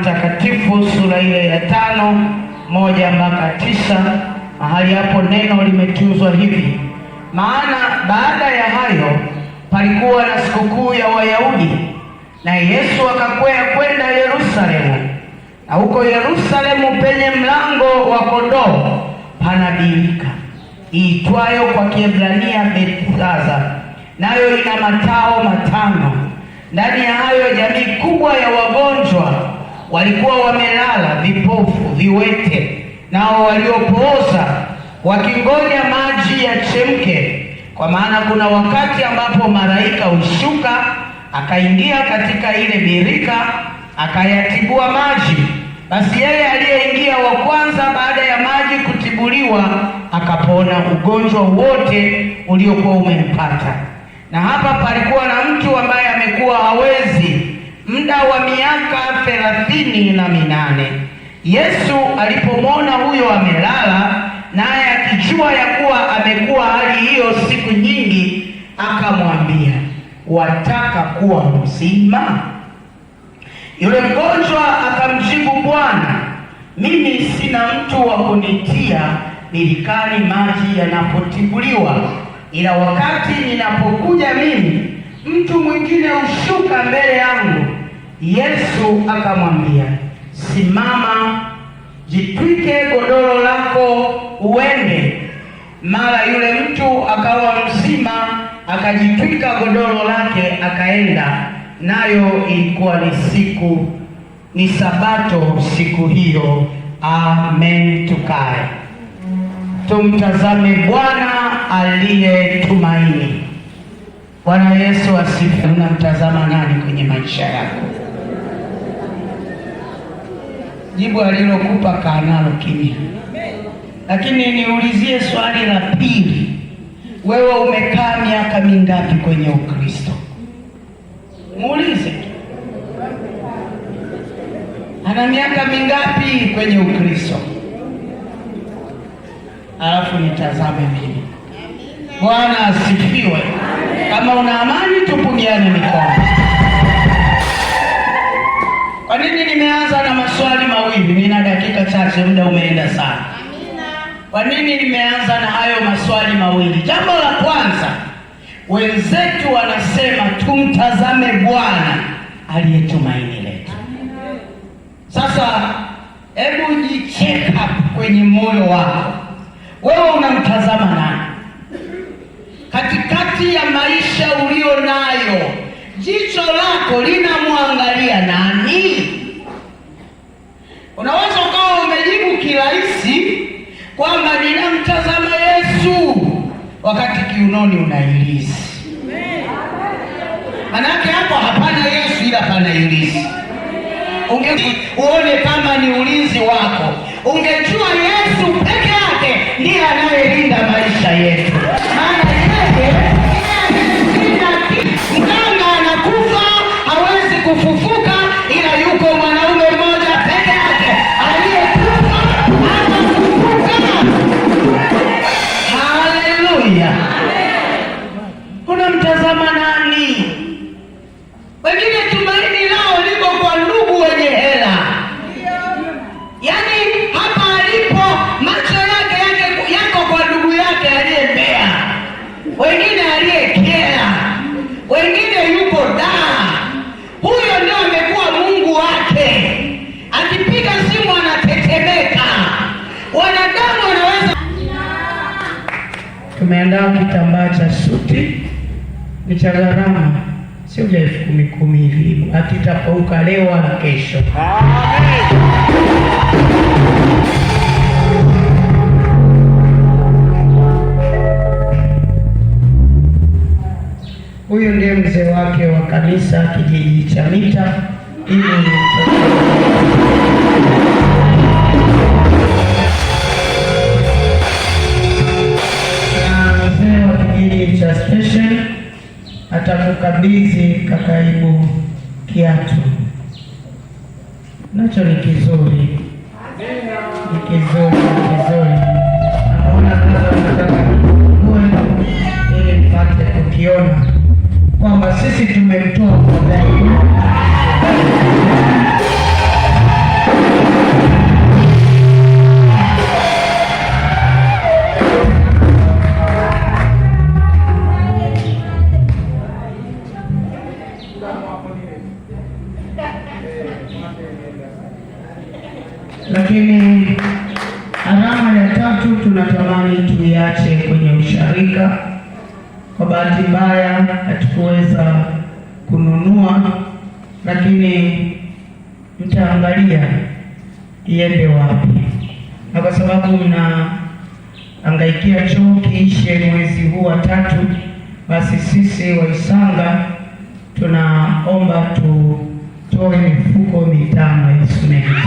Mtakatifu sura ile ya tano moja mpaka tisa mahali hapo neno limetuzwa hivi: maana baada ya hayo palikuwa na sikukuu ya Wayahudi, na Yesu akakwea kwenda Yerusalemu. Na huko Yerusalemu penye mlango wa kondoo pana birika iitwayo kwa Kiebrania Bethesda, nayo ina matao matano. Ndani ya hayo jamii kubwa ya wagonjwa walikuwa wamelala vipofu, viwete, nao waliopooza wakingoja maji yachemke, kwa maana kuna wakati ambapo malaika hushuka akaingia katika ile birika akayatibua maji. Basi yeye aliyeingia wa kwanza baada ya maji kutibuliwa akapona ugonjwa wote uliokuwa umempata. Na hapa palikuwa na mtu ambaye amekuwa hawezi muda wa miaka thelathini na minane. Yesu alipomwona huyo amelala, naye akijua ya kuwa amekuwa hali hiyo siku nyingi, akamwambia, wataka kuwa mzima? Yule mgonjwa akamjibu, Bwana, mimi sina mtu wa kunitia nilikani maji yanapotibuliwa, ila wakati ninapokuja mimi, mtu mwingine hushuka mbele yangu Yesu akamwambia, simama, jitwike godoro lako uende. Mara yule mtu akawa mzima, akajitwika godoro lake akaenda. Nayo ilikuwa ni siku ni Sabato siku hiyo. Amen, tukae tumtazame Bwana aliye tumaini. Bwana Yesu asifiwe. Unamtazama nani kwenye maisha yako? jibu alilokupa kaanalo kimya. Lakini niulizie swali la pili, wewe umekaa miaka mingapi kwenye Ukristo? Muulize ana miaka mingapi kwenye Ukristo, alafu nitazame mimi. Bwana asifiwe. Kama una amani, tupungiane mikono. Kwa nini nimeanza na maswali mawili? Nina dakika chache, muda umeenda sana. Kwa nini nimeanza na hayo maswali mawili? Jambo la kwanza, wenzetu wanasema tumtazame Bwana aliye tumaini letu. Sasa hebu check up kwenye moyo wako, wewe unamtazama nani katikati ya maisha ulio nayo? Jicho lako linamwangalia nani? Unaweza ukawa umejibu kirahisi kwamba ninamtazama Yesu wakati kiunoni unailizi Manake hapo hapana Yesu ila pana Ibilisi. Unge uone kama ni ulinzi wako, ungejua Yesu peke yake ndiye anayelinda maisha yetu. kama nani? Wengine tumaini lao liko kwa ndugu wenye hela, yaani hapa alipo macho yake yake yako kwa ndugu yake aliyembea, wengine aliyekea, wengine yuko daa. Huyo ndio amekuwa Mungu wake, akipiga simu anatetemeka. Wanadamu wanaweza. Tumeandaa kitambaa cha suti Michangarama sio ya elfu kumi kumi hivi, hatitapauka leo wala kesho. Huyu ndiye mzee wake wa kanisa kijiji cha Mita ili atakukabidhi kakaibu kiatu nacho ni kizuri, ni kizuri, ni kizuri. Naona ili mpate kukiona kwamba sisi tumemtoa kwa dhaifu Afrika. Kwa bahati mbaya hatukuweza kununua, lakini mtaangalia iende wapi, na kwa sababu angaikia choo kiishe mwezi huu wa tatu, basi sisi Waisanga tunaomba tutoe mifuko mitano ya simenti.